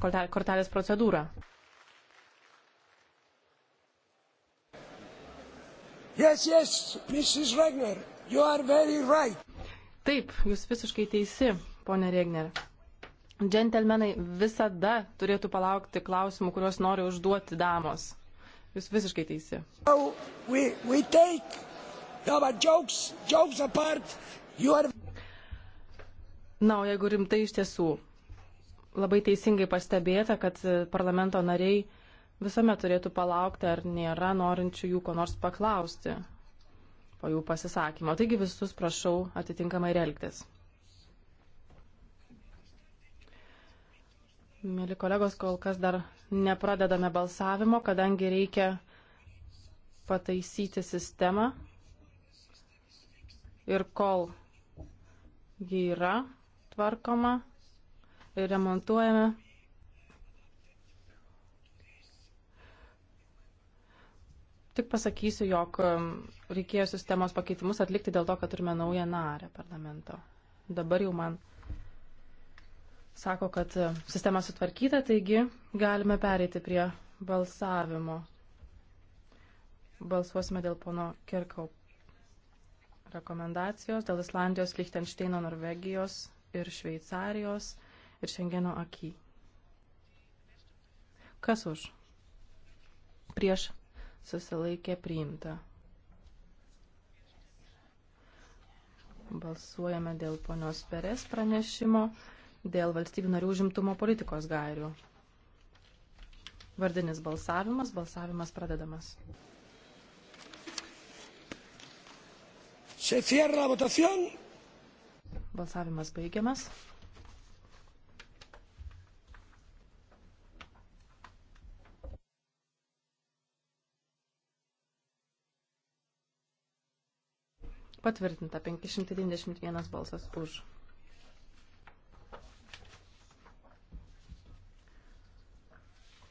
kortelės procedūrą. Yes, yes, Mrs. Regner, you are very right. Taip, jūs visiškai teisi, ponė Regner. Džentelmenai visada turėtų palaukti klausimų, kuriuos nori užduoti damos. Jūs visiškai teisi. So we, we take, no, jokes, jokes apart, are... Na, o jeigu rimtai iš tiesų, labai teisingai pastebėta, kad e, parlamento nariai visuomet turėtų palaukti, ar nėra norinčių jų ko nors paklausti po jų pasisakymo. Taigi visus prašau atitinkamai elgtis. Mėly kolegos, kol kas dar nepradedame balsavimo, kadangi reikia pataisyti sistemą. Ir kol ji yra tvarkoma, remontuojame. Tik pasakysiu, jog um, reikėjo sistemos pakeitimus atlikti dėl to, kad turime naują narę parlamento. Dabar jau man sako, kad um, sistema sutvarkyta, taigi galime pereiti prie balsavimo. Balsuosime dėl pono Kirkau rekomendacijos, dėl Islandijos, Lichtenšteino, Norvegijos ir Šveicarijos ir Šengeno akį. Kas už? Prieš susilaikė priimta. Balsuojame dėl ponios Perės pranešimo, dėl valstybių narių užimtumo politikos gairių. Vardinis balsavimas, balsavimas pradedamas. Se cierra la votación. Balsavimas baigiamas. Patvirtinta 591 balsas už.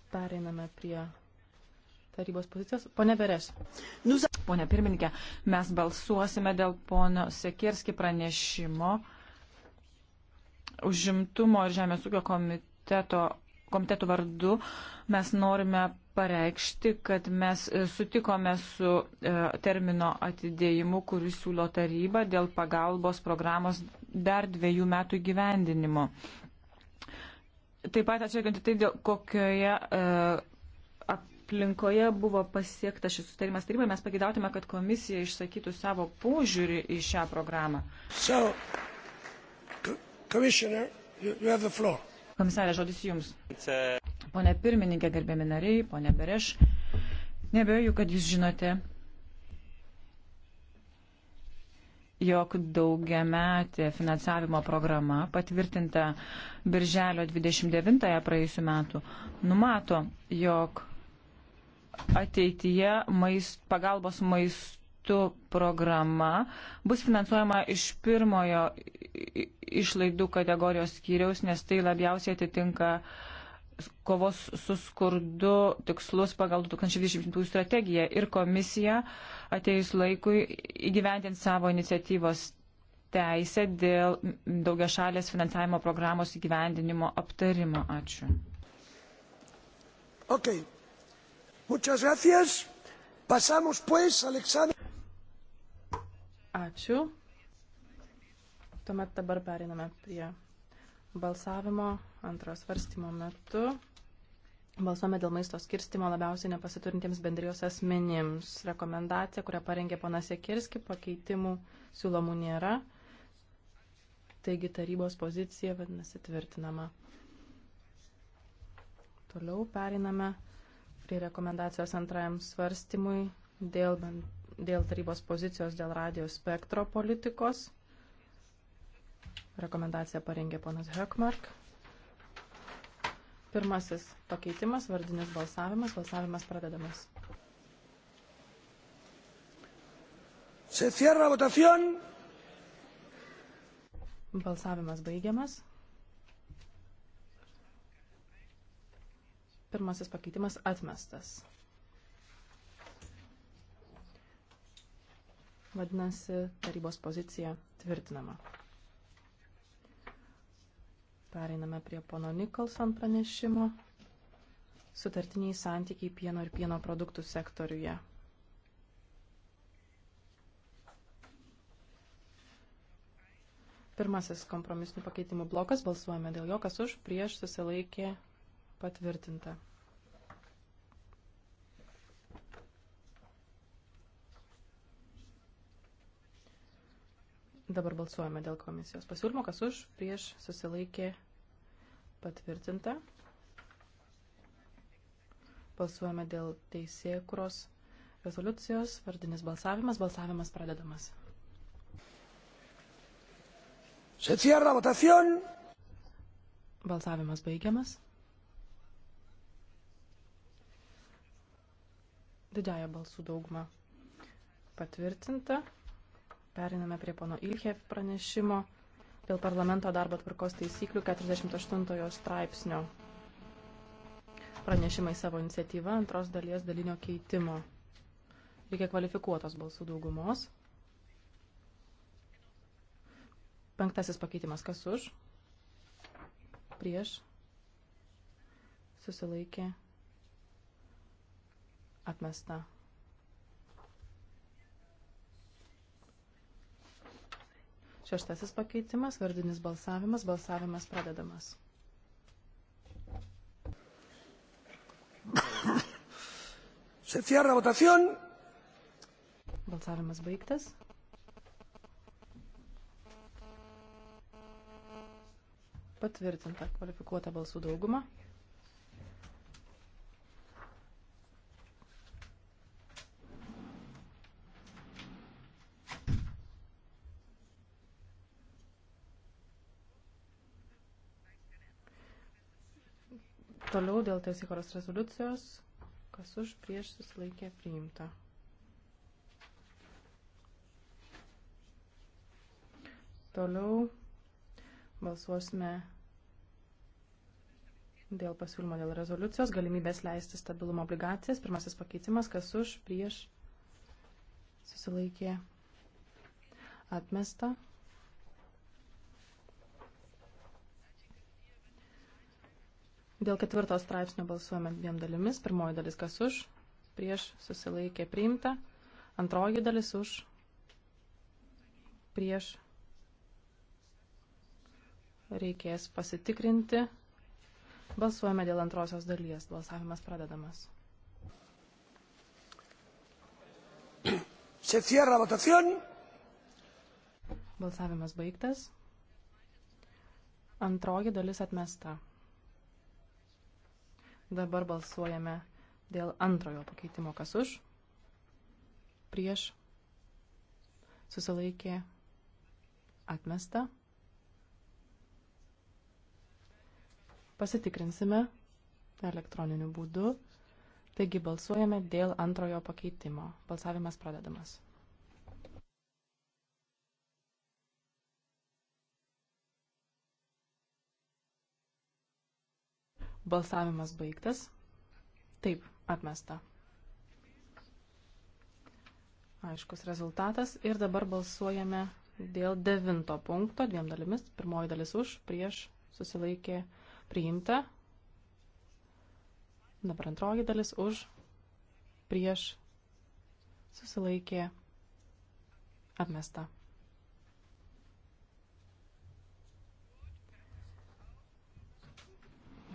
Pereiname prie tarybos pozicijos. Pone Bereš. Nu Pone pirmininkė, mes balsuosime dėl pono Sekirski pranešimo užimtumo ir žemės ūkio komiteto komitetų vardu mes norime pareikšti, kad mes e, sutikome su e, termino atidėjimu, kurį siūlo taryba dėl pagalbos programos dar dviejų metų gyvendinimo. Taip pat atsižvelgiant į tai, dėl kokioje e, aplinkoje buvo pasiektas šis sutarimas tarybai, mes pagidautume, kad komisija išsakytų savo požiūrį į šią programą. So, commissioner, you have the floor. Komisarė, žodis Jums. Pone pirmininkė, gerbėmi nariai, pone Bereš, nebejoju, kad Jūs žinote, jog daugiametė finansavimo programa patvirtinta Birželio 29-ąją praėjusiu metu numato, jog ateityje maist, pagalbos maistų metų programa bus finansuojama iš pirmojo išlaidų kategorijos skyriaus, nes tai labiausiai atitinka kovos su skurdu tikslus pagal 2020 strategiją ir komisija ateis laikui įgyvendinti savo iniciatyvos teisę dėl daugiašalės finansavimo programos įgyvendinimo aptarimo. Ačiū. Okay. Muchas gracias. Pasamos pues al examen. Ačiū. Tuomet dabar periname prie balsavimo antros varstymo metu. Balsuome dėl maisto skirstimo labiausiai nepasiturintiems bendrijos asmenims. Rekomendacija, kurią parengė ponas Jekirski, pakeitimų siūlomų nėra. Taigi tarybos pozicija vadinasi tvirtinama. Toliau periname prie rekomendacijos antrajam svarstymui dėl bendrijos dėl tarybos pozicijos dėl radijos spektro politikos. Rekomendaciją parengė ponas Hökmark. Pirmasis pakeitimas, vardinis balsavimas, balsavimas pradedamas. Se cierra votación. Balsavimas baigiamas. Pirmasis pakeitimas atmestas. Vadinasi, tarybos pozicija tvirtinama. Pereiname prie pono Nikolson pranešimo. Sutartiniai santykiai pieno ir pieno produktų sektoriuje. Pirmasis kompromisinių pakeitimų blokas. Balsuojame dėl jo, kas už, prieš, susilaikė, patvirtinta. Dabar balsuojame dėl komisijos pasiūlymo, kas už, prieš, susilaikė, patvirtinta. Balsuojame dėl teisėkuros rezoliucijos, vardinis balsavimas, balsavimas pradedamas. Se cierra votación. Balsavimas baigiamas. Didžiaja balsų dauguma patvirtinta. Periname prie pono Ilchev pranešimo dėl parlamento darbo tvarkos taisyklių 48 straipsnio. Pranešimai savo iniciatyva antros dalies dalinio keitimo. Reikia kvalifikuotos balsų daugumos. Penktasis pakeitimas kas už? Prieš? Susilaikė? Atmesta. Šeštasis pakeitimas, vardinis balsavimas, balsavimas pradedamas. Se cierra votación. Balsavimas baigtas. Patvirtinta kvalifikuota balsų dauguma. Toliau dėl teisėkoros rezoliucijos, kas už prieš susilaikė priimta. Toliau balsuosime dėl pasiūlymo dėl rezoliucijos, galimybės leisti stabilumo obligacijas. Pirmasis pakeitimas, kas už prieš susilaikė atmesta. Dėl ketvirto straipsnio balsuojame dviem dalimis. Pirmoji dalis kas už, prieš susilaikė priimta. Antroji dalis už, prieš reikės pasitikrinti. Balsuojame dėl antrosios dalies. Balsavimas pradedamas. Se cierra votación. Balsavimas baigtas. Antroji dalis atmesta. Dabar balsuojame dėl antrojo pakeitimo. Kas už? Prieš. Susilaikė. Atmesta. Pasitikrinsime elektroniniu būdu. Taigi balsuojame dėl antrojo pakeitimo. Balsavimas pradedamas. Balsavimas baigtas. Taip, atmesta. Aiškus rezultatas. Ir dabar balsuojame dėl devinto punkto dviem dalimis. Pirmoji dalis už, prieš, susilaikė, priimta. Dabar antroji dalis už, prieš, susilaikė, atmesta.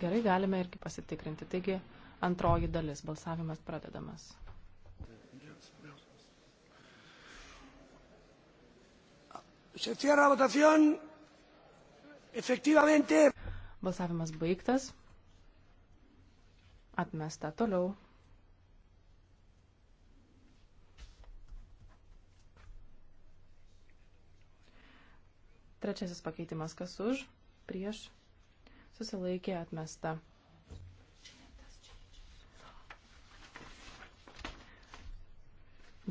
Gerai, galime irgi pasitikrinti. Taigi antroji dalis, balsavimas pradedamas. Se cierra votación. Efectivamente. Balsavimas baigtas. Atmesta toliau. Trečiasis pakeitimas kas už, prieš, susilaikė atmesta.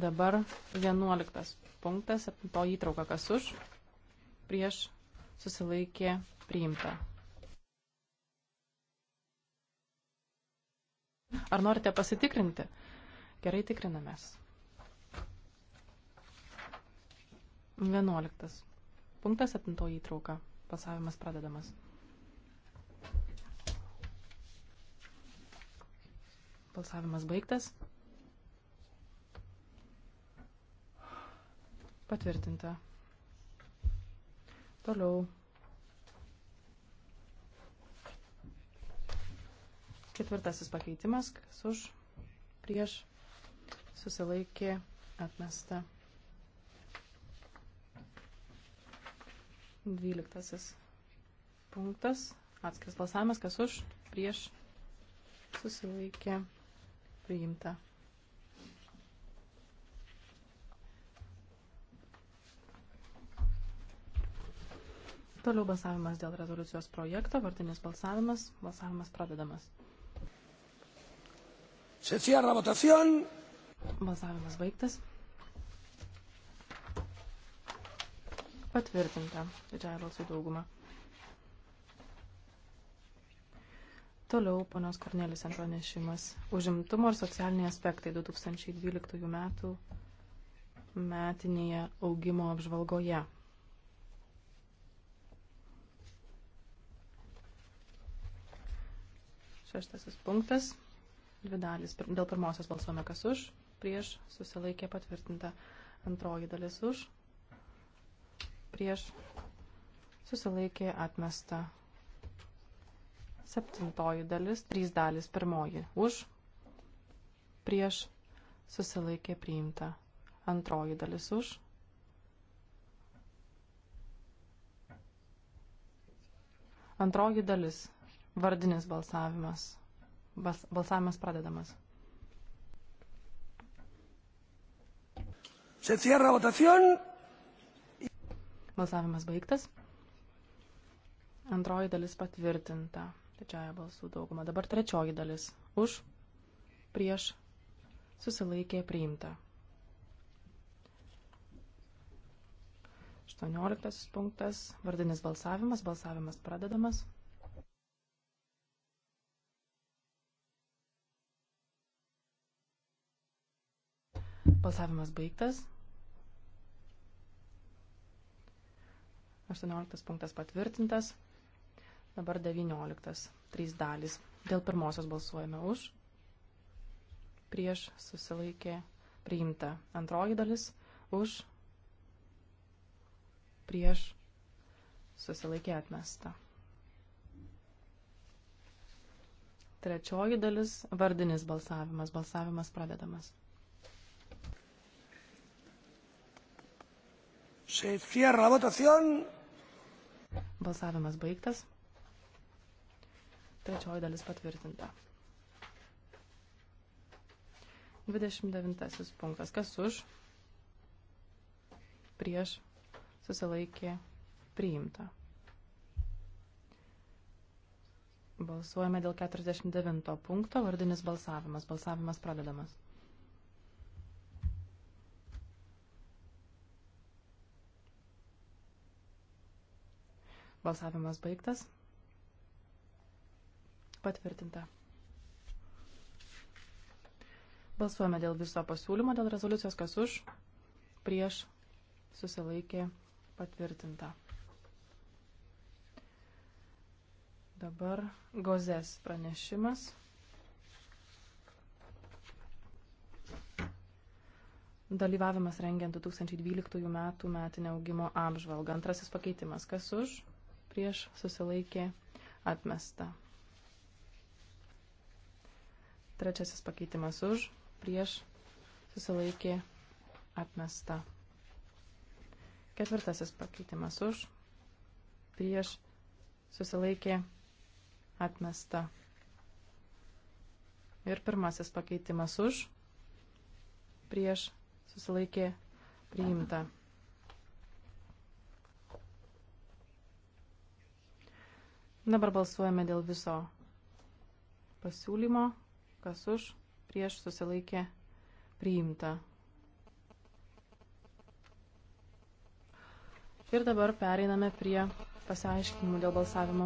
Dabar 11 punktas, 7 įtrauka kas už, prieš susilaikė priimta. Ar norite pasitikrinti? Gerai tikrinamės. 11. Punktas 7 įtrauka. Pasavimas pradedamas. Balsavimas baigtas. Patvirtinta. Toliau. Ketvirtasis pakeitimas, kas už, prieš, susilaikė, atmesta. Dvyliktasis punktas, atskiras balsavimas, kas už, prieš, susilaikė, atmesta priimta. Toliau balsavimas dėl rezoliucijos projekto, vardinis balsavimas, balsavimas pradedamas. Se cierra votación. Balsavimas baigtas. Patvirtinta didžiąją balsų daugumą. Toliau ponios Kornelis ant pranešimas. Užimtumo ir socialiniai aspektai 2012 metų metinėje augimo apžvalgoje. Šeštasis punktas. Dvi dalis. Dėl pirmosios balsuome kas už, prieš, susilaikė patvirtinta. Antroji dalis už, prieš, susilaikė atmesta. Septintoji dalis, trys dalis, pirmoji už, prieš, susilaikė priimta. Antroji dalis už. Antroji dalis, vardinis balsavimas. Bas, balsavimas pradedamas. Se cierra votación. Balsavimas baigtas. Antroji dalis patvirtinta didžiaja balsų dauguma. Dabar trečioji dalis. Už, prieš, susilaikė priimta. 18 punktas. Vardinis balsavimas. Balsavimas pradedamas. Balsavimas baigtas. 18 punktas patvirtintas. Dabar 19. Trys dalys. Dėl pirmosios balsuojame už. Prieš susilaikė priimta. Antroji dalis už. Prieš susilaikė atmesta. Trečioji dalis – vardinis balsavimas. Balsavimas pradedamas. Se cierra la votación. Balsavimas baigtas. Trečioji dalis patvirtinta. 29 punktas. Kas už? Prieš susilaikė priimta. Balsuojame dėl 49 punkto. Vardinis balsavimas. Balsavimas pradedamas. Balsavimas baigtas. Patvirtinta. Balsuojame dėl viso pasiūlymo, dėl rezoliucijos, kas už, prieš, susilaikė, patvirtinta. Dabar gozės pranešimas. Dalyvavimas rengiant 2012 metų metinę augimo apžvalgą. Antrasis pakeitimas, kas už, prieš, susilaikė, atmesta. Trečiasis pakeitimas už, prieš, susilaikė, atmesta. Ketvirtasis pakeitimas už, prieš, susilaikė, atmesta. Ir pirmasis pakeitimas už, prieš, susilaikė, priimta. Dabar balsuojame dėl viso pasiūlymo kas už, prieš susilaikė priimta. Ir dabar pereiname prie pasiaiškinimų dėl balsavimo.